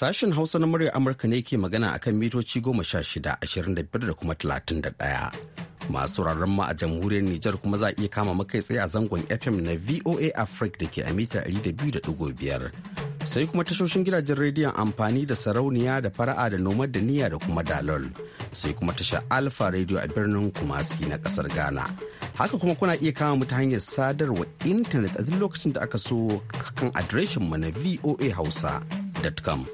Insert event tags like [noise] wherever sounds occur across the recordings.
Sashen Hausa na murya Amurka ne ke magana a kan mitoci goma sha shida, ashirin da biyar da kuma talatin da ɗaya. Masu rarren ma a jamhuriyar Nijar kuma za a iya kama makai tsaye a zangon FM na VOA Africa da ke a mita da biyu biyar. sai kuma tashoshin gidajen rediyon amfani da sarauniya da fara'a da nomad da niya da kuma dalol sai kuma tasha alfa radio a birnin kumasi na kasar ghana haka kuma kuna iya kama mu ta hanyar sadarwa intanet a duk lokacin da aka so kan adireshin mu na voa hausa hausa.com.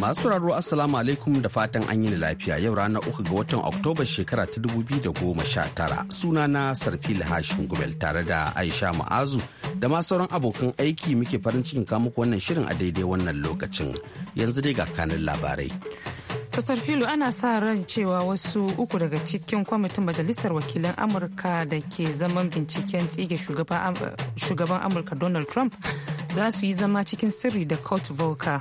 Masu sauraro Assalamu alaikum da fatan an yi lafiya yau ranar uku ga watan Oktoba shekara ta dubu biyu da goma sha tara suna na Sarfi Lahashin Gubel tare da Aisha Ma'azu da ma sauran abokan aiki muke farin cikin muku wannan shirin a daidai wannan lokacin yanzu dai ga kanin labarai. Kasar filo ana sa ran cewa wasu uku daga cikin kwamitin majalisar wakilan Amurka da ke zaman binciken tsige shugaban Amurka Donald Trump za su yi zama cikin sirri da Court Volker.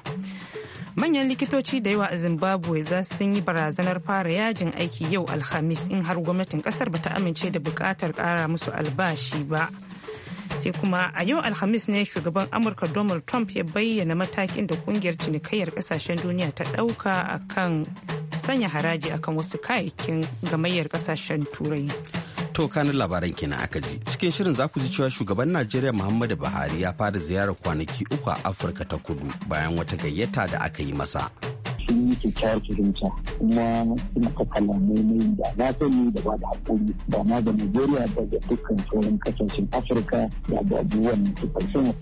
Manyan likitoci da yawa a Zimbabwe za su yi barazanar fara yajin aiki yau Alhamis in har gwamnatin kasar bata amince da bukatar kara musu albashi ba. sai kuma a yau alhamis ne shugaban amurka donald trump ya bayyana matakin da kungiyar cinikayyar kasashen duniya ta dauka akan sanya haraji akan wasu kayayyakin gamayyar kasashen turai to kanin labaran kenan aka ji cikin shirin za ku ji cewa shugaban najeriya muhammadu buhari ya fara ziyarar kwanaki uku a afirka ta kudu bayan wata gayyata da aka yi masa kyakkyawar fahimta kuma sun ka kalamai na yin da na sani da ba da haƙuri ba ma da Najeriya ba da dukkan sauran kasashen Afirka da abubuwan suka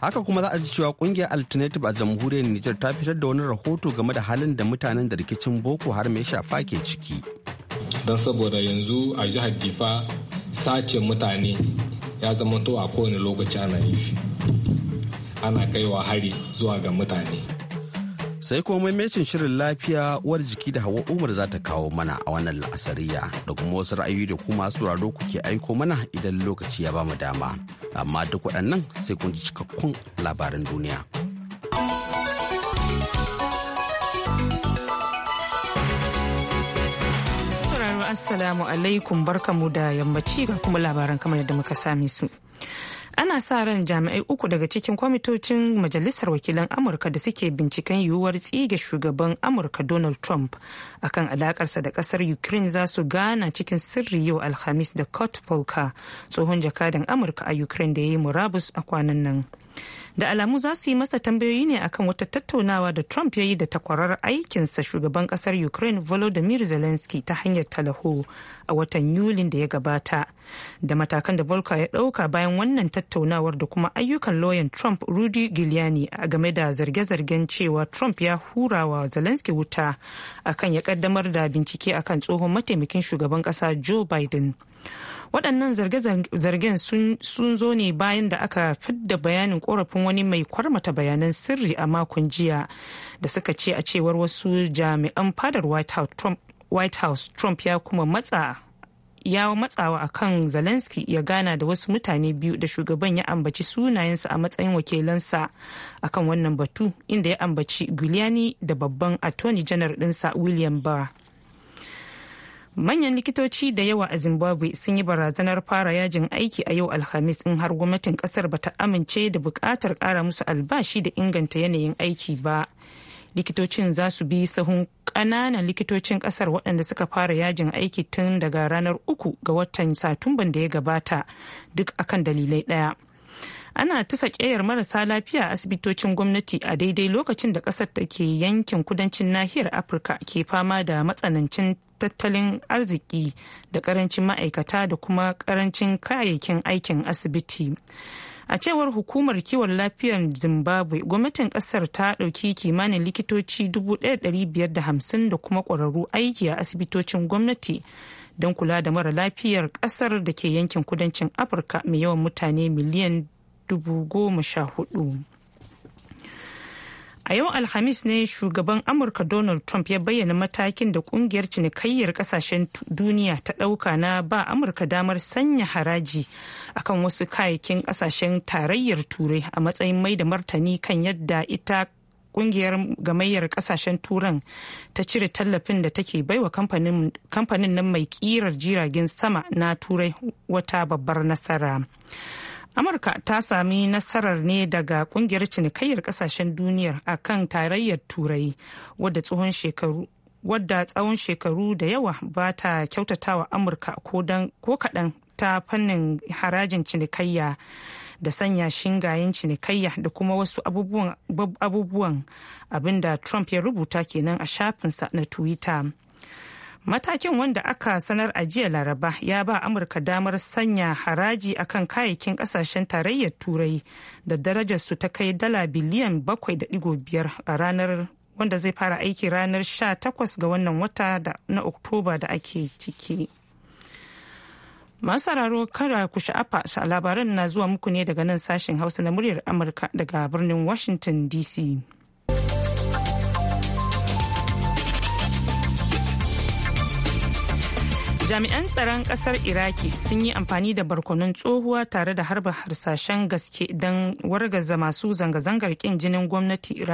haka kuma za a ji cewa kungiyar alternative a jamhuriyar nijar ta fitar da wani rahoto game da halin da mutanen da rikicin boko haram ya shafa ke ciki don saboda yanzu a jihar difa sace mutane ya zama to a kowane lokaci ana yi ana kaiwa hari zuwa ga mutane sai kuma maimacin shirin lafiya uwar jiki da hawa umar za ta kawo mana a wannan la'asariya da kuma wasu ra'ayoyi da kuma sauraro kuke aiko mana idan lokaci ya bamu dama amma duk waɗannan sai kun ji cikakkun labaran duniya Assalamu alaikum barkamu da yammaci ga kuma labaran kamar yadda muka same su. ana sa ran jami'ai uku daga cikin kwamitocin majalisar wakilan amurka da suke binciken yiwuwar tsige shugaban amurka donald trump akan alakarsa da kasar ukraine za su gana cikin sirri yau alhamis da kurt volker tsohon jakadan amurka a ukraine da ya yi murabus a kwanan nan da alamu za su yi masa tambayoyi ne akan wata tattaunawa da trump ya yi da takwarar aikinsa shugaban kasar ukraine volodymyr zelensky ta hanyar talaho a watan yulin da ya gabata da matakan da volka ya dauka bayan wannan tattaunawar da kuma ayyukan lauyan trump rudy giuliani a game da zarge-zargen cewa trump ya hura wa zelensky wuta akan ya kaddamar da bincike akan tsohon mataimakin shugaban ƙasa joe biden waɗannan zarge-zargen sun zo ne bayan da aka fidda bayanin korafin wani mai kwarmata bayanan sirri a makon jiya da suka ce a cewar wasu jami'an fadar white house trump ya kuma matsa ya matsawa a kan Zelensky ya gana da wasu mutane biyu da shugaban ya ambaci sunayensa a matsayin wakilansa a kan wannan batu inda ya ambaci Giuliani da babban attorney general dinsa William Barr. manyan likitoci da yawa a zimbabwe sun yi barazanar fara yajin aiki a yau alhamis in har gwamnatin kasar ba ta amince da bukatar kara musu albashi da inganta yanayin aiki ba likitocin za su bi sahun kananan likitocin kasar waɗanda suka fara yajin aiki tun daga ranar uku ga watan satumban da ya gabata duk akan dalilai ɗaya ana ta sakeyar marasa lafiya a asibitocin gwamnati a daidai lokacin da kasar da ke yankin kudancin nahiyar afirka ke fama da matsanancin tattalin arziki da karancin ma'aikata da kuma karancin kayayyakin aikin asibiti. a cewar hukumar kiwon lafiyar zimbabwe gwamnatin kasar ta dauki kimanin likitoci 1,550 da kuma kwararru aiki a asibitocin gwamnati don kula da mara lafiyar kasar da ke yankin kudancin afirka mai yawan mutane miliyan 14. a yau alhamis ne shugaban amurka donald trump ya bayyana matakin da kungiyar cinikayyar kasashen duniya ta dauka na ba amurka damar sanya haraji akan wasu kayayyakin kasashen tarayyar turai a matsayin mai da martani kan yadda ita kungiyar gamayyar kasashen turan ta cire tallafin da take baiwa kamfanin nan mai kirar jiragen sama na turai wata babbar nasara amurka ta sami nasarar ne daga kungiyar cinikayyar kasashen duniyar a kan tarayyar turai wadda tsohon shekaru wadda tsawon shekaru da yawa ba ta wa amurka ko kaɗan ta fannin harajin cinikayya da sanya shingayen cinikayya da kuma wasu abubuwan abinda trump ya rubuta kenan a shafinsa na twitter matakin wanda aka sanar a jiya laraba ya ba amurka damar sanya haraji akan kayayyakin kasashen tarayyar turai da darajar su ta kai dala biliyan 7.5 a ranar wanda zai fara aiki ranar 18 ga wannan wata na oktoba da ake ciki masararo kara ku sha'afa labaran na zuwa muku ne daga nan sashen hausa na muryar amurka daga birnin washington dc jami'an tsaron kasar iraki sun yi amfani da barkonon tsohuwa tare da harba harsashen gaske don wargaza masu zanga-zangar kin jinin gwamnati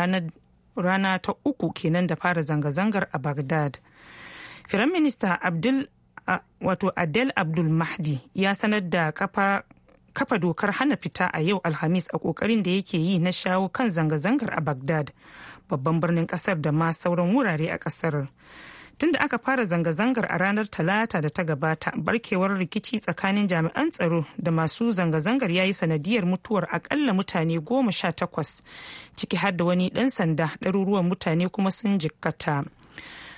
rana ta uku kenan da fara zanga-zangar a bagdad firaminista abdul wato adel abdul mahdi ya sanar da kafa kafa dokar hana fita a yau alhamis a kokarin da yake yi na shawo kan zanga-zangar a bagdad babban birnin kasar da ma sauran wurare a kasar tunda aka fara zanga-zangar a ranar talata da ta gabata barkewar rikici tsakanin jami'an tsaro da masu zanga-zangar ya yi sanadiyar mutuwar akalla mutane goma sha takwas ciki har da wani ɗan sanda ɗaruruwan mutane kuma sun jikkata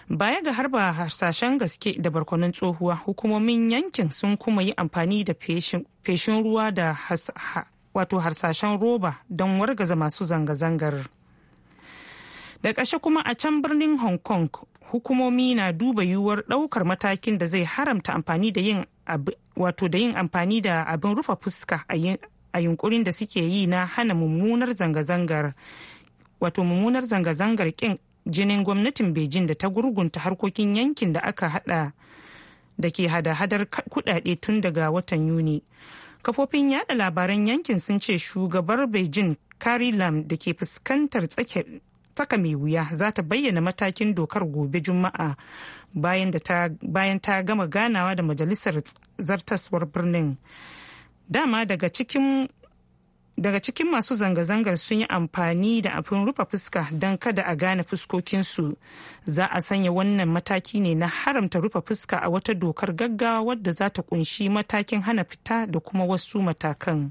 baya ga harba harsashen gaske da barkwanin tsohuwa hukumomin yankin sun kuma yi amfani da feshin ruwa da wato harsashen roba don wargaza masu zanga-zangar da ƙashe kuma a can birnin hong kong hukumomi na duba yiwuwar ɗaukar matakin da zai haramta amfani da yin wato da yin amfani da abin rufe fuska a yunkurin da suke yi na hana mummunar zanga-zangar wato mummunar zanga-zangar kin jinin gwamnatin beijing da ta gurgunta harkokin yankin da aka hada da ke hada-hadar kudade tun daga watan yuni kafofin yada labaran yankin sun ce shugabar beijing kari lam da ke fuskantar tsake taka mai wuya za ta bayyana matakin dokar gobe juma'a bayan ta gama ganawa da majalisar zartaswar birnin dama daga cikin daga cikin masu zanga-zangar sun yi amfani da abin rufe fuska don kada a gane fuskokinsu za a sanya wannan mataki ne na haramta rufe fuska a wata dokar gaggawa wadda za ta kunshi matakin hana fita da kuma wasu matakan.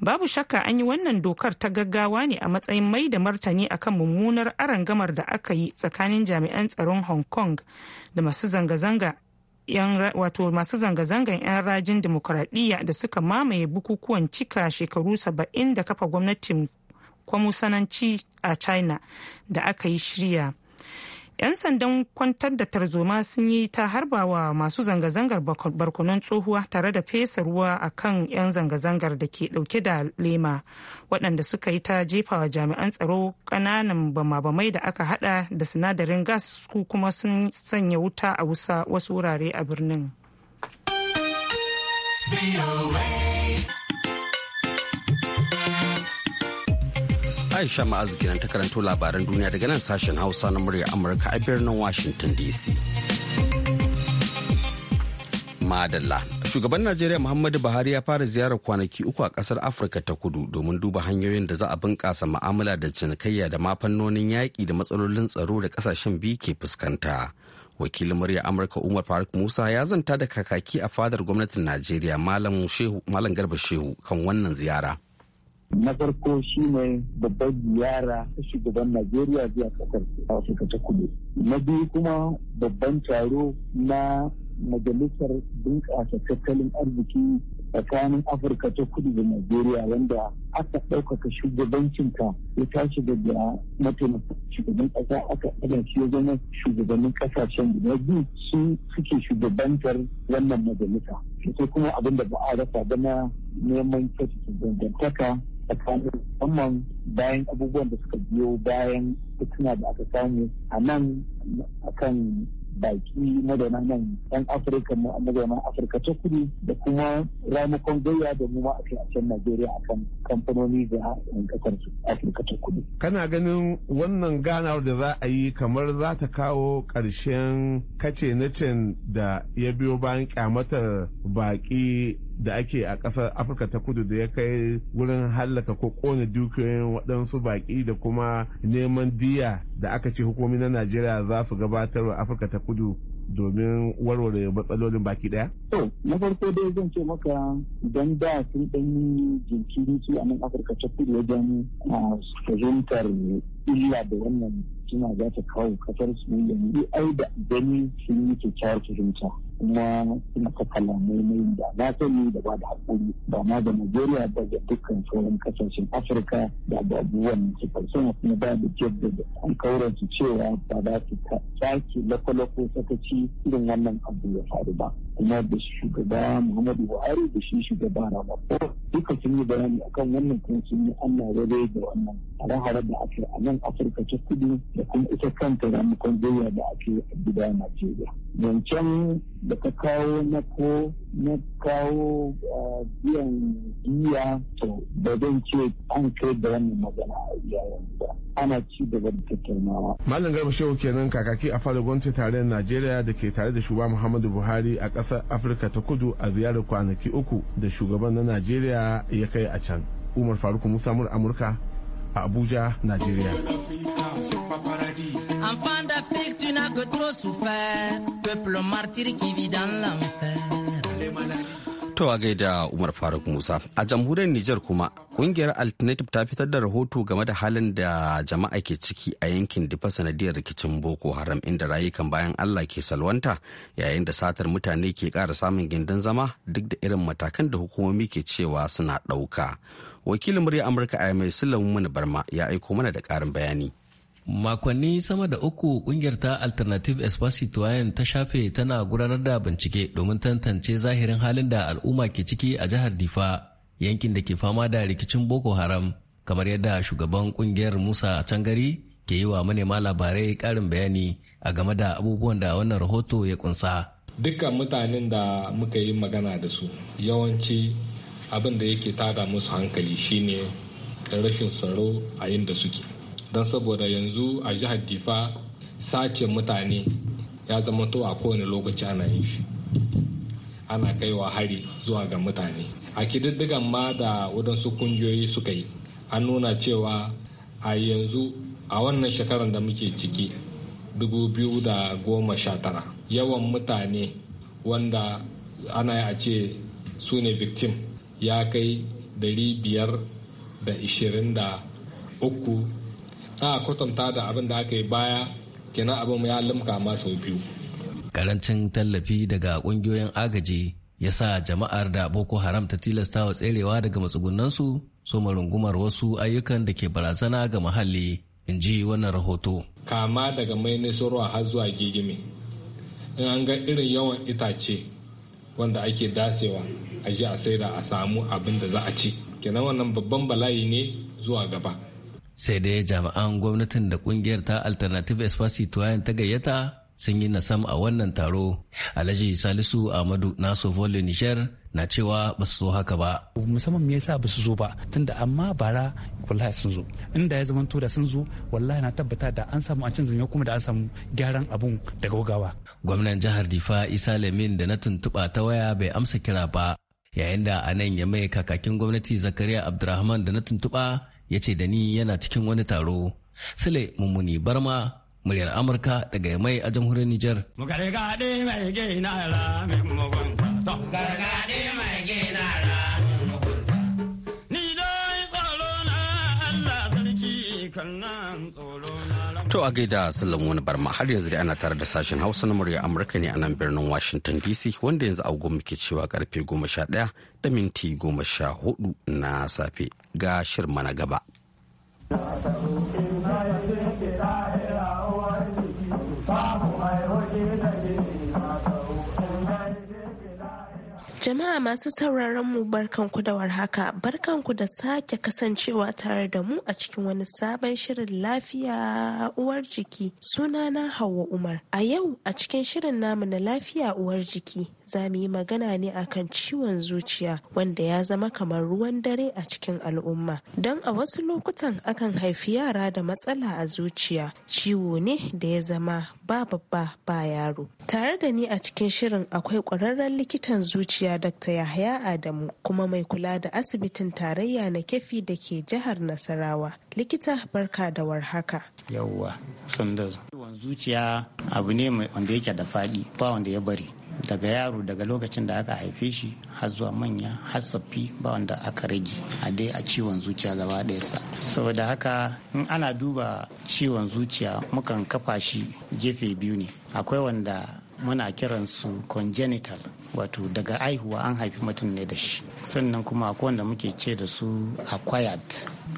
babu shakka an yi wannan dokar ta gaggawa ne a matsayin mai da martani akan mummunar arangamar da aka yi tsakanin jami'an tsaron hong kong da masu zanga-zanga wato masu zanga-zangan 'yan rajin demokuraɗiyya da suka mamaye bukukuwan cika shekaru saba'in da kafa gwamnatin kwamusananci a china da aka yi shirya 'yan sandan kwantar da tarzoma sun yi ta harbawa masu zanga-zangar barkunan tsohuwa tare da fesa ruwa a kan 'yan zanga-zangar da ke dauke da lema waɗanda suka yi ta jefawa jami'an tsaro ƙananan bama-bamai da aka hada da sinadarin gas ku kuma sun sanya wuta a wasu wurare a birnin. Aisha Ma'azu kenan ta karanto labaran duniya daga nan sashen Hausa na murya Amurka a birnin Washington DC. Madalla. Shugaban Najeriya Muhammadu Buhari ya fara ziyarar kwanaki uku a ƙasar Afirka ta kudu domin duba hanyoyin da za a bunƙasa ma'amala da cinikayya da ma fannonin yaƙi da matsalolin tsaro da ƙasashen biyu ke fuskanta. Wakilin murya Amurka Umar Faruk Musa ya zanta da kakaki a fadar gwamnatin Najeriya Malam Garba Shehu kan wannan ziyara. Na farko shi ne babbar ziyara ta shugaban Najeriya zuwa kasar Afirka ta kudu. Na biyu kuma babban taro na majalisar bunƙasa tattalin arziki tsakanin afirka ta kudu da najeriya wanda aka ɗaukaka shugabancinta ya tashi biya mataimakin shugaban ƙasa aka ɗaga shi ya zama shugabannin ƙasashen Na biyu su suke shugabantar wannan majalisa sai kuma abin da ba a rasa ba na neman kyautata dangantaka tsakanin musamman bayan abubuwan da suka biyo bayan fitina da aka samu a nan akan baki mazauna nan yan afirka mazauna afirka ta kudu da kuma ramukan gayya da mu ma a can najeriya kan kamfanoni da yan kasar afirka ta kudu kana ganin wannan ganawar da za a yi kamar za ta kawo ƙarshen kace na can da ya biyo bayan kyamatar baki da ake a ƙasar afirka ta kudu da ya kai wurin hallaka ko ƙona dukiyoyin waɗansu baƙi da kuma neman diya da aka ce hukumomi na najeriya za su gabatar wa afirka ta kudu domin warware matsalolin baki ɗaya. To, na farko dai zan ce maka don da sun ɗan yi jinkiri su a nan Afirka ta kudu wajen fahimtar illa da wannan suna za ta kawo kasar su yanzu ai da gani sun yi kyakkyawar fahimta. kuma maka kalamai na yin da na sani da ba da hakuri ba ma da Najeriya ba da dukkan sauran kasashen Afirka da abubuwan su farsuna kuma ba da jirgi da alkawuran su cewa ba za su sake lako sakaci irin wannan abu ya faru ba. Kuma da shugaba Muhammadu Buhari da shi shugaba Ramaphosa duka sun yi bayani akan wannan kuma sun yi an da wannan hare-hare da ake a nan Afirka ta kudu da kuma ita kanta ramakon zoya da ake a gida Najeriya. Zancen da ta kawo na ko na kawo ah, biyan biya to da zan ce an kai da wannan magana a iyayen ba ana ci gaba da tattaunawa. Malam Garba Shehu kenan kakaki a fara gwamnati tarayyar Najeriya da ke tare da shugaban Muhammadu Buhari a ƙasar Afirka ta Kudu a ziyarar kwanaki uku da shugaban na Najeriya ya kai a can. Umar Faruk Musa Amurka a Abuja, nigeria. Enfant d'Afrique, tu n'as que trop souffert, peuple martyr qui vit dans l'enfer. To gaida Umar Faruk Musa. A jamhuriyar Nijar kuma kungiyar Alternative ta fitar da rahoto game da halin da jama'a ke ciki a yankin difa sanadiyar rikicin Boko Haram inda rayukan bayan Allah ke salwanta yayin da satar mutane ke kara samun gindin zama duk da irin matakan da hukumomi ke cewa suna ɗauka. wakilin murya amurka a mai sulamun mana barma ya aiko mana da karin bayani makonni sama da uku kungiyar ta alternative espacitoyen ta shafe tana gudanar da bincike domin tantance zahirin halin da al'umma ke ciki a jihar difa yankin da ke fama da rikicin boko haram kamar yadda shugaban kungiyar musa cangari ke yi wa manema labarai karin bayani a game da abubuwan da wannan rahoto ya kunsa dukkan mutanen da muka yi magana da su yawanci abin da yake tada musu hankali shine rashin tsaro a inda suke don saboda yanzu a jihar difa sace mutane ya zama to a kowane lokaci ana yi shi ana kaiwa hari zuwa ga mutane a kididdigan ma da wadansu kungiyoyi suka yi an nuna cewa a yanzu a wannan shekarar da muke ciki 2019 yawan mutane wanda ana a ce su ne victim ya kai 523 a kwatanta da abin da aka yi baya kenan abin ya limka ma sau biyu karancin tallafi daga kungiyoyin agaji ya sa jama'ar da boko haram ta tilasta wa tserewa daga matsugunansu su rungumar wasu ayyukan da ke barazana ga muhalli in ji wannan rahoto kama daga mai nasarwa har zuwa gigime in an ga irin yawan itace wanda ake dacewa a ji a saida a samu abin da za a ci kenan wannan babban bala'i ne zuwa gaba sai dai jami'an gwamnatin da kungiyar ta alternative espacito ta gayyata sun yi nasam a wannan taro alhaji salisu amadu naso volley niger na cewa ba su zo haka ba musamman me yasa ba su zo ba tunda amma bara wallahi sun zo inda ya zamanto da sun zo wallahi na tabbata da an samu an canza kuma da an samu gyaran abun da gaugawa gwamnan jihar difa isa lamin da na tuntuɓa ta waya bai amsa kira ba yayin da a nan ya mai kakakin gwamnati zakariya abdurrahman da na tuntuɓa ya ce da ni yana cikin wani taro sule mummuni barma muryar amurka daga mai a jamhuriyar niger To a gaida Sallam wani barma har yanzu dai ana tare da sashen Hausa na murya Amurka ne a nan birnin Washington DC wanda yanzu goma muke cewa karfe 11 da minti goma sha 14 na safe ga shirma na gaba. Jama'a masu sauraron mu barkanku da warhaka, barkanku da sake kasancewa tare da mu a cikin wani sabon shirin lafiya uwar jiki sunana Hauwa Umar. A yau a cikin shirin namu na lafiya uwar jiki za mu yi magana ne akan ciwon zuciya wanda ya zama kamar ruwan dare a cikin al'umma. Don a wasu lokutan akan haifi yara da matsala a zuciya, ciwo ne da ya zama ba babba ba yaro. Tare da ni a cikin shirin akwai ƙwararren likitan zuciya Dr. Yahaya Adamu kuma mai kula da asibitin tarayya na kefi da ke jihar Nasarawa. Likita barka da warhaka. Yawwa, Ciwon zuciya abu ne wanda yake da faɗi ba wanda ya bari. daga yaro daga lokacin da aka haife shi har zuwa manya har tsaffi ba wanda aka rage a dai a ciwon zuciya gaba ɗaya sa saboda haka in ana duba ciwon zuciya mukan kafa shi gefe biyu ne akwai wanda muna kiran su congenital wato daga aihuwa an haifi mutum ne da shi sannan kuma akwai wanda muke ce da su acquired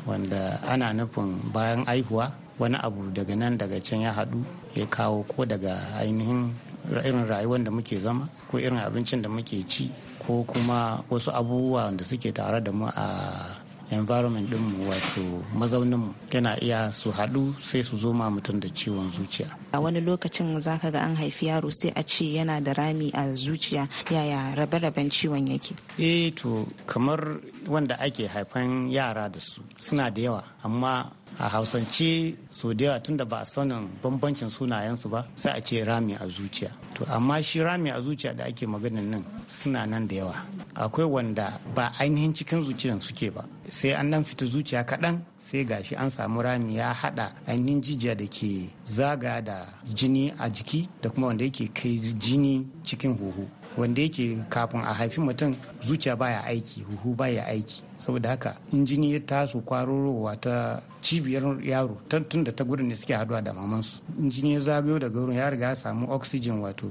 wanda ana nufin bayan aihuwa wani abu daga nan daga can ya haɗu ya kawo ko daga ainihin irin rayuwar da muke zama ko irin abincin da muke ci ko kuma wasu abubuwa da suke tare da mu a environment mu wato mazauninmu yana iya su haɗu sai su zo ma mutum da ciwon zuciya a wani lokacin zaka ga an haifi yaro sai a ce yana da rami a zuciya yaya rabe-raben ciwon yake eh to kamar wanda ake haifan yara da su suna da yawa amma a hausance so da yawa tunda ba a sanin bambancin sunayensu ba sai a ce rami a zuciya to amma shi rami a zuciya da ake maganin nan suna nan da yawa akwai wanda ba ainihin cikin zuciyan suke ba sai an nan fita zuciya kaɗan sai gashi an samu rami ya haɗa ainihin jijiya da ke zaga da jini a jiki da kuma wanda yake kai jini cikin huhu wanda yake kafin a haifi mutum zuciya baya aiki huhu baya aiki saboda haka injini ya taso kwarorowa ta cibiyar yaro tun da ta gudun da suke haduwa da mamansu injini ya zagayo daga wurin ya riga ya samu oxygen wato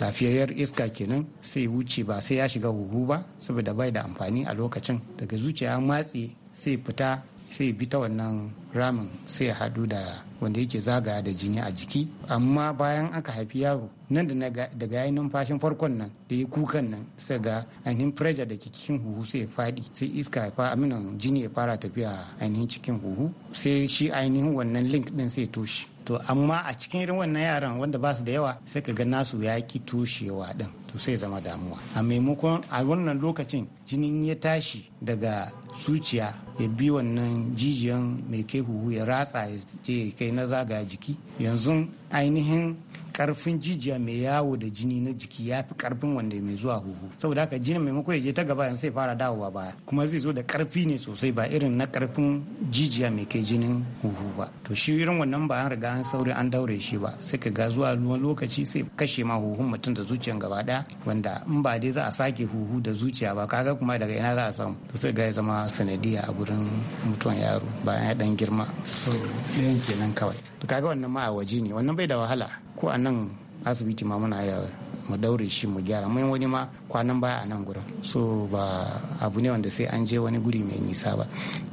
lafiyayyar iska kenan sai wuce ba sai ya shiga huhu ba saboda bai da amfani a lokacin daga zuciya matse sai fita sai bi ta wannan ramin sai ya haɗu da wanda yake zagaya da jini a jiki amma bayan aka haifi yaro nan da daga yayin numfashin farkon nan da ya kukan nan sai ga ainihin pressure da cikin huhu sai ya faɗi sai iska ya fara aminan jini ya fara tafiya ainihin cikin huhu sai shi ainihin wannan link din sai ya toshe to amma a cikin irin wannan yaran wanda ba su da yawa sai ka ga nasu ya ki tushewa din to sai zama damuwa a maimakon a wannan lokacin jinin ya tashi daga zuciya ya bi wannan jijiyan mai kai huhu ya ratsa ya je kai na zagaya jiki yanzu ainihin karfin jijiya mai yawo da jini na jiki ya fi karfin wanda mai zuwa huhu saboda haka jinin maimako ya je ta gaba yanzu sai fara dawowa baya kuma zai zo da karfi ne sosai ba irin na karfin jijiya mai kai jinin huhu ba to shi irin wannan ba an riga an sauri an daure shi ba sai ka ga zuwa wani lokaci sai kashe ma huhun mutum da zuciyar gaba daya wanda in ba dai za a sake huhu da zuciya ba kaga kuma daga ina za a samu to sai ga ya zama sanadiya a gurin mutuwan yaro bayan ya dan girma so ɗayan kenan kawai to kaga wannan ma a waje ne wannan bai da wahala ko a nan asibiti ma muna ya mu daure shi mu gyara mun wani ma kwanan baya a nan gurin so ba abu ne wanda sai an je wani guri mai nisa ba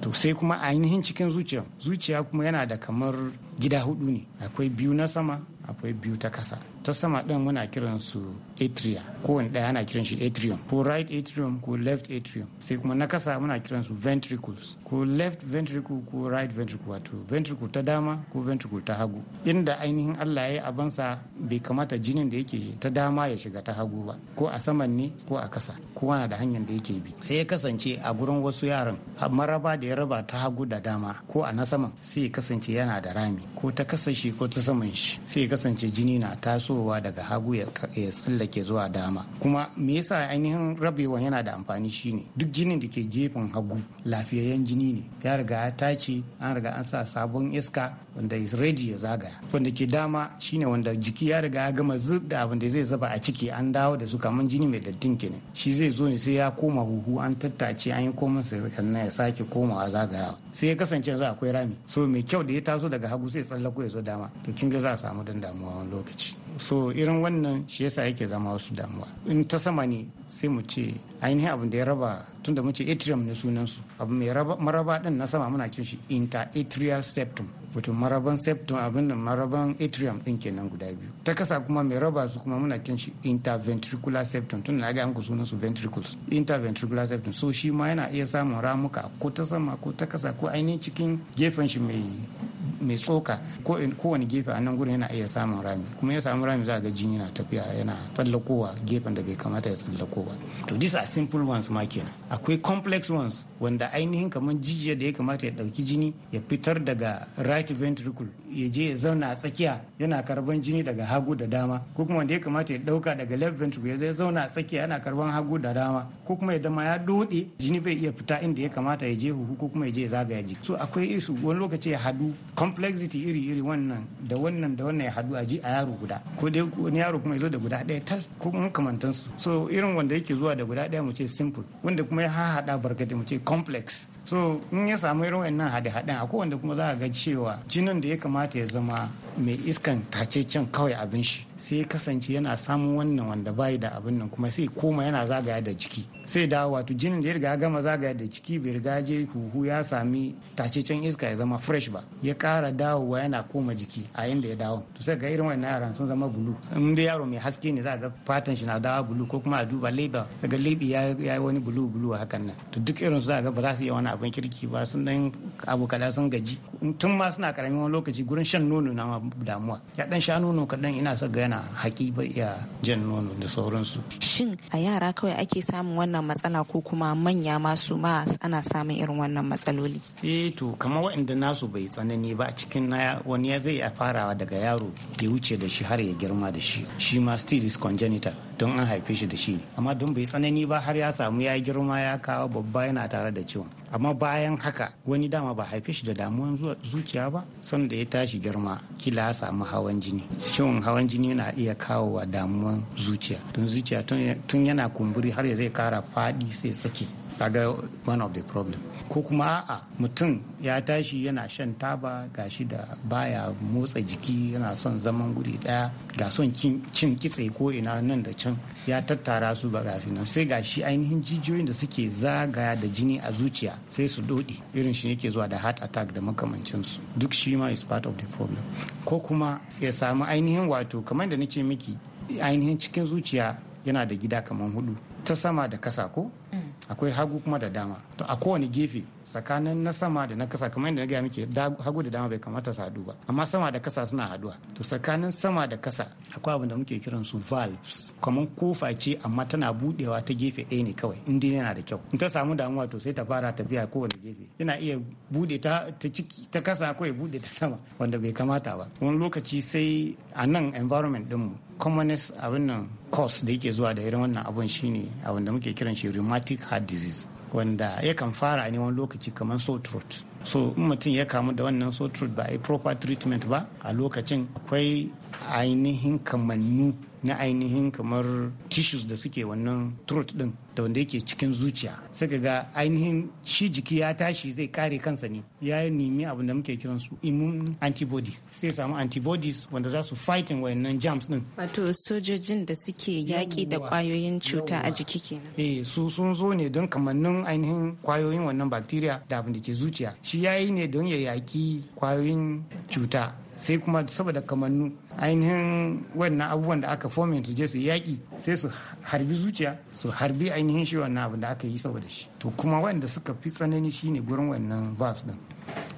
to sai kuma ainihin cikin zuciya zuciya kuma yana da kamar gida hudu ne akwai biyu na sama akwai biyu ta kasa ta sama ɗin muna kiransu. atria wani ɗaya ana kiran shi atrium ko right atrium ko left atrium sai kuma na kasa muna kiran su ventricles ko left ventricle ko right ventricle wato ventricle ta dama ko ventricle ta hagu inda ainihin Allah ya yi abansa bai kamata jinin da yake ta dama ya shiga ta hagu ba ko a saman ne ko a kasa kowa na da hanyar da yake bi sai ya kasance a gurin wasu yaran maraba da ya raba ta hagu da dama ko a na saman sai ya kasance yana da rami ko ta kasa shi ko ta saman shi sai ya kasance jini na tasowa daga hagu ya tsallake ke zuwa dama kuma me yasa ainihin rabewan yana da amfani shine duk jinin da ke gefen hagu lafiyayyen jini ne ya riga ya tace an riga an sa sabon iska wanda is ready ya zagaya wanda ke dama shine wanda jiki ya riga ya gama da abin da zai zaba a ciki an dawo da su kamar jini mai dattin ne shi zai zo ne sai ya koma huhu an tattace an yi komai sai ya sake komawa zagayawa sai ya kasance yanzu akwai rami so mai kyau da ya taso daga hagu sai tsallako ya zo dama to kin ga za a samu dan damuwa wani lokaci so irin wannan shi yasa yake zama ma wasu damuwa in ta sama ne sai mu ce ainihin abin da ya raba tun da muke atrium na sunansu abu mai maraba din na sama muna kin shi inter interatrial septum wato maraban septum abin nan maraban atrium din kenan guda biyu ta kasa kuma mai raba su kuma muna kin shi interventricular septum tun na ga an sunan su ventricles interventricular septum so shi ma yana iya samun ramuka ko ta sama ko ta kasa ko ainihin cikin gefen shi mai tsoka ko kowane gefe a nan gurin yana iya samun rami kuma ya samu rami za a ga jini na tafiya yana tsallakowa gefen da bai kamata ya tsallako ba to these are simple ones ma kenan akwai complex ones wanda ainihin kamar jijiyar da ya kamata ya ɗauki jini ya fitar daga rami right ventricle ya je ya zauna a tsakiya yana karban jini daga hagu da dama ko kuma wanda ya kamata ya dauka daga left ventricle ya zauna a tsakiya yana karban hagu da dama ko kuma ya zama ya dode jini bai iya fita inda ya kamata ya je huhu ko kuma ya je zagaya jiki so akwai isu wani lokaci ya hadu complexity iri iri wannan da wannan da wannan ya hadu a ji a yaro guda ko dai wani yaro kuma ya zo da guda daya tal ko makamantansu so irin wanda yake zuwa da guda daya mu ce simple wanda kuma ya hahada barkatai mu ce complex so in ya samu irin wannan hade-haden a wanda kuma za a ga cewa jinin da ya kamata ya zama mai iskan tacecen kawai abin shi sai ya kasance yana samun wannan wanda bayi da abin nan kuma sai koma yana zagaya da ciki sai dawo wato jinin da ya riga gama zagaya da ciki bai riga je huhu ya sami tacecen iska ya zama fresh ba ya kara dawowa yana koma jiki a yanda ya dawo to sai ga irin wannan yaran sun zama bulu in dai yaro mai haske ne za ga fatan shi na dawa bulu ko kuma a duba leba daga lebi ya yi wani bulu bulu hakan nan to duk irin su za ga ba za su iya wani abin kirki ba sun dan abu kaza sun gaji tun ma suna karamin wani lokaci gurin shan nono na damuwa ya dan sha nono kaɗan ina sa ga yana haƙi ba iya jan nono da sauransu shin a yara kawai ake samun wannan matsala ko kuma manya masu su ma ana samun irin wannan matsaloli eh to kamar waɗanda nasu bai tsanani ba a cikin na wani ya zai farawa daga yaro ya wuce da shi har ya girma da shi shi ma still is congenital don an haife shi da shi amma don bai tsanani ba har ya samu ya girma ya kawo babba yana tare da ciwon amma bayan haka wani dama ba haife shi da damuwan zuciya ba son da ya tashi girma kila ya samu hawan jini ciwon hawan jini yana iya kawo wa damuwan zuciya don zuciya tun yana kumburi har ya zai kara faɗi sai sake kaga one of the problem ko kuma a'a mutum ya tashi yana shan taba gashi da baya motsa jiki yana son zaman guri daya ga son cin kitse ko ina nan da can ya tattara su ba ga nan sai gashi ainihin jijiyoyin da suke zagaya da jini a zuciya sai su dodi irin shi yake zuwa da heart attack da makamancinsu duk shi ma is part of the problem ko kuma ya samu ainihin wato kamar da nace miki ainihin cikin zuciya yana da gida kamar hudu ta sama da kasa ko mm. akwai hagu kuma da dama to a kowane gefe tsakanin na sama da na kasa kamar yadda na gaya muke hagu da dama bai kamata su haɗu ba amma sama da kasa suna haɗuwa to tsakanin sama da kasa akwai abin da muke kiran su valves kamar kofa ce amma tana budewa ta gefe ɗaya ne kawai in dai yana da kyau in ta samu damuwa to sai ta fara tafiya kowane gefe yana iya bude ta ta ciki ta kasa ko ya bude ta sama wanda bai kamata ba wani lokaci sai a nan environment ɗinmu commonest abin nan cause da yake zuwa da irin wannan abun shine abin da muke kiran shi rheumatic heart disease wanda yakan fara a wani lokaci kamar so truth so in mutum ya kamu da wannan so truth ba a yi proper treatment ba a lokacin akwai ainihin kamannu na ainihin kamar tissues da suke wannan throat din da wanda yake cikin zuciya sai ka ga ainihin shi jiki ya tashi zai kare kansa ne ya nemi abin da muke kiran su immune antibody sai samu antibodies wanda za su fightin wayannan germs din wato sojojin da suke yaki da kwayoyin cuta a jiki kenan eh su sun zo ne don kamannin ainihin kwayoyin wannan bacteria da abin da ke zuciya shi yayi ne don ya yaki kwayoyin cuta sai kuma saboda kamannu ainihin wannan abubuwan da aka fomin su je su yaƙi sai su harbi zuciya su harbi ainihin shi wannan abu da aka yi saboda shi to kuma wanda suka fi tsanani shine gurin wannan bas din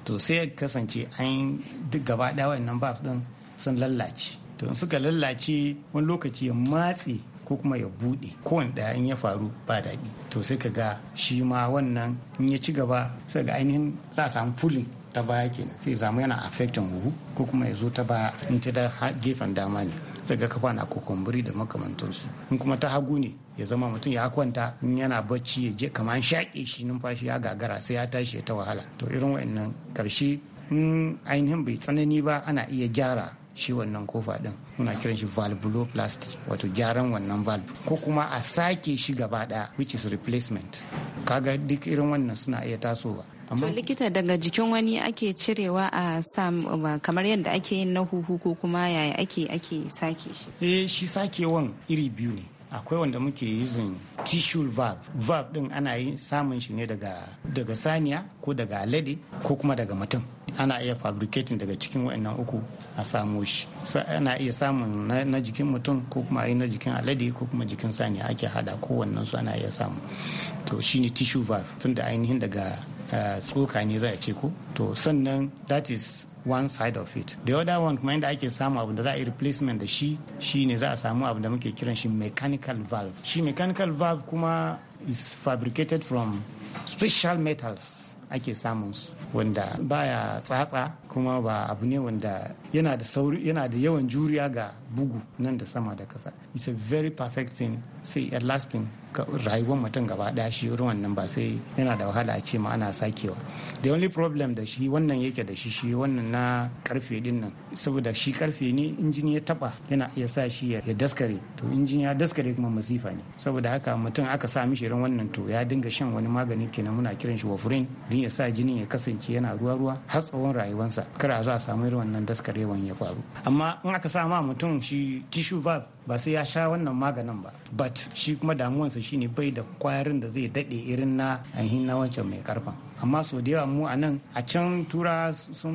to sai ya kasance an duk gaba ɗaya wannan bas din sun lallace to in suka lallace wani lokaci ya matse ko kuma ya buɗe kowane ɗaya in ya faru ba daɗi to sai ka ga shi ma wannan in ya ci gaba sai ga ainihin za a samu fulin ta baya kenan sai zamu yana affecting huhu ko kuma ya zo ta baya in ta da gefen dama ne sai ga kafa na kokumburi da makamantansu in kuma ta hagu ne ya zama mutum ya kwanta in yana bacci ya je kamar shaƙe shi numfashi ya gagara sai ya tashi ya ta wahala to irin wa'annan karshe in ainihin bai tsanani ba ana iya gyara shi wannan kofa din muna kiran shi valvuloplasty wato gyaran wannan valve ko kuma a sake shi gaba daya which is replacement kaga duk irin wannan suna iya tasowa to likita daga jikin wani ake cirewa a sam kamar yadda ake yin na huhu ko kuma yaya ake ake sake shi eh shi sakewan iri biyu ne akwai wanda muke using tissue valve valve din ana yi samun shi ne daga daga saniya ko daga alade ko kuma daga mutum ana iya fabricating daga cikin wa'annan uku a samo shi ana iya samun na jikin mutum ko kuma ayi na jikin alade ko kuma jikin saniya ake hada kowannen su ana iya samu to shine tissue valve tunda ainihin daga eh, tsoka ne za a ce ko to sannan that is one side of it the other one kuma inda ake samu abu da za a yi replacement da shi shine za a samu abu da muke kiran shi mechanical valve shi mechanical valve kuma is fabricated from special metals ake samun su wanda baya tsatsa kuma ba abu ne wanda yana da sauri yana da yawan juriya ga bugu nan da sama da kasa it's a very perfect thing a lasting rayuwar mutum gaba ɗaya shi ruwan nan ba sai yana da wahala a ce ma ana sakewa the only problem da shi wannan yake da shi shi wannan na karfe din nan saboda shi karfe ne injin ya taba yana iya sa shi ya daskare to injin ya daskare kuma masifa ne saboda haka mutum aka sa mishi irin wannan to ya dinga shan wani magani kenan muna kiran shi warfarin din ya sa jinin ya kasance yana ruwa ruwa har tsawon rayuwarsa kar a zo a samu irin wannan daskarewan ya faru amma in aka sa ma mutum shi tissue valve ba sai ya sha wannan maganin ba but shi kuma damuwansa shine bai da kwayarin da zai daɗe irin na ainihin na wancan mai karfan amma sau da yawa mu a nan a can tura sun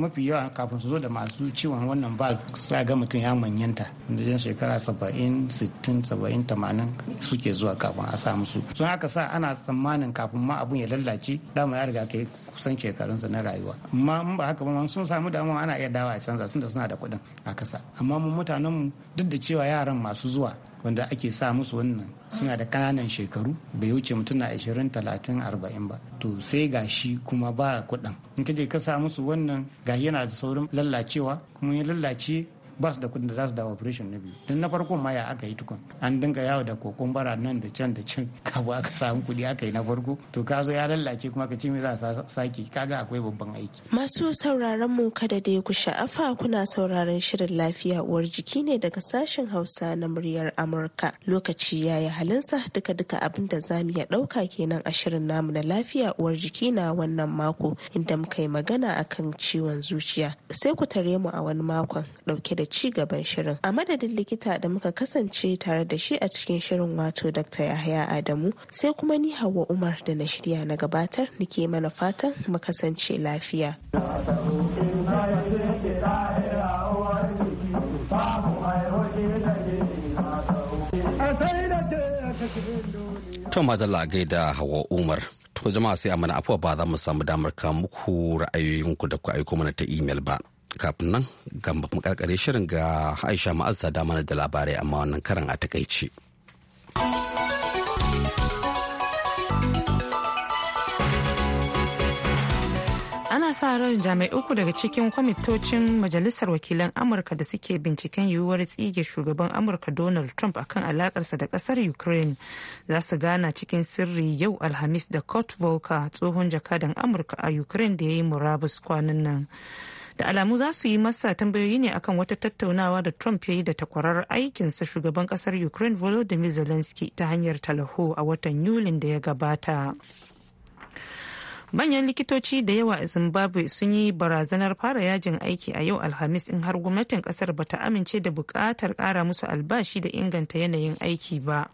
mafi yawa kafin su zo da masu ciwon wannan bal sa ga mutum ya manyanta da jan shekara saba'in sittin saba'in tamanin suke zuwa kafin a sa musu sun haka sa ana tsammanin kafin ma abun ya lallace dama ya riga kai kusan shekarunsa na rayuwa amma in ba haka ba sun samu damuwa ana iya dawa a canza tunda suna da kuɗin a kasa amma mu mutanen mu duk da cewa yaran masu zuwa wanda ake sa musu wannan suna da kananan shekaru bai wuce mutum na 20 30 40 ba to sai ga shi kuma ba kuɗin in ka je ka sa musu wannan ga yana da saurin lallacewa kuma ya lallace bas da kudin da za su da operation na biyu don na farko ma ya aka yi tukun an dinga yawo da kokumbara nan da can da can [laughs] kabu aka samu kudi aka yi na farko to ka zo ya lallace kuma ka ce me za a sake kaga akwai babban aiki masu sauraron mu kada da ku sha'afa kuna sauraron shirin lafiya uwar jiki ne daga sashen hausa na muryar amurka lokaci ya yi halinsa duka duka abin da za mu iya ɗauka kenan a shirin namu na lafiya uwar jiki na wannan mako inda muka yi magana akan ciwon zuciya sai ku tare mu a wani makon dauke da ci gaban shirin a madadin likita da muka kasance tare da shi a cikin shirin wato dr yahaya adamu sai kuma ni hawa umar da na shirya na gabatar nike mana fatan mu kasance lafiya To madalla gaida hawa Umar. To jama'a sai a mana afuwa ba za mu samu damar kawo muku ra'ayoyinku da ku aiko mana ta imel ba. kafin nan ga mu shirin ga aisha ma'azza da mana da labarai amma wannan karan a takaici. ana sa ran jami'ai uku daga cikin kwamitocin majalisar wakilan amurka da suke binciken yiwuwar tsige shugaban amurka donald trump akan alakarsa da kasar ukraine za su gana cikin sirri yau alhamis da kurt volker tsohon jakadan amurka a ukraine da ya yi murabus kwanan nan da alamu za su yi masa tambayoyi ne akan wata tattaunawa da trump ya yi da takwarar aikinsa shugaban kasar ukraine volodymyr zelensky ta hanyar talaho a watan yulin da ya gabata manyan likitoci da yawa a zimbabwe sun yi barazanar fara yajin aiki a yau alhamis in har gwamnatin kasar bata amince da bukatar kara musu albashi da inganta yanayin aiki ba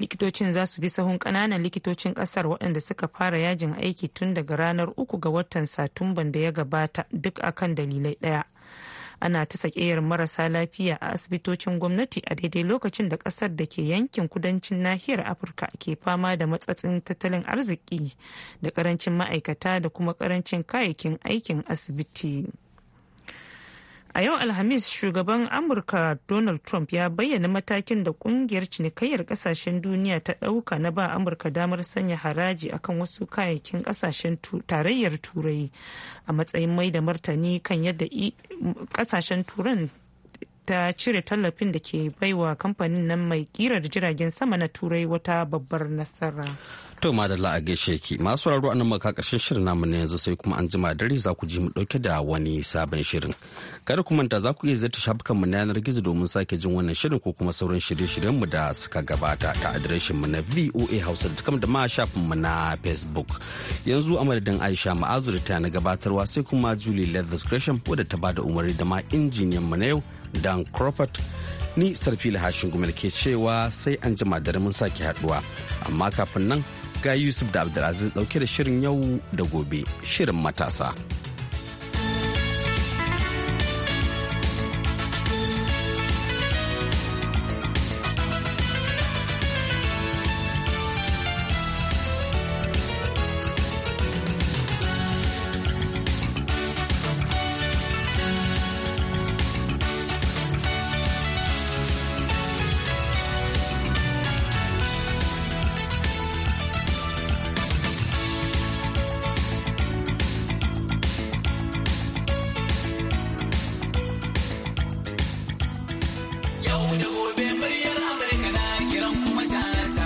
likitocin za su bi sahun kananan likitocin kasar waɗanda suka fara yajin aiki tun daga ranar uku ga watan satumban da ya gabata duk akan dalilai ɗaya ana ta sakeyar marasa lafiya a asibitocin gwamnati a daidai lokacin da kasar da ke yankin kudancin nahiyar afirka ke fama da matsatsin tattalin arziki da karancin ma'aikata da kuma karancin kayayyakin aikin asibiti. A yau Alhamis shugaban Amurka Donald Trump ya bayyana matakin da kungiyar cinikayyar kasashen duniya ta ɗauka na ba Amurka damar sanya haraji akan wasu kayayyakin kasashen tarayyar turai a matsayin mai da martani kan yadda kasashen turan ta cire tallafin da ke baiwa kamfanin nan mai kirar jiragen sama na turai wata babbar nasara. To madalla a gaishe ki masu sauraro anan maka karshen shirin namu ne yanzu sai kuma an jima dare za ku ji mu dauke da wani sabon shirin. Kada ku manta za ku iya ziyarta shafukanmu na yanar gizo domin sake jin wannan shirin ko kuma sauran shirye-shiryen mu da suka gabata ta adireshin mu na voahausa.com da ma shafin mu na Facebook. Yanzu amadadin Aisha Ma'azu da ta na gabatarwa sai kuma Julie Leathers Gresham wadda ta bada umarni da ma injiniyan mu na yau Dan Crawford. Ni Sarfila Hashin Gumel ke cewa sai an jima dare mun sake haduwa amma kafin nan ga Yusuf da Abdulaziz dauke da shirin yau da gobe shirin matasa.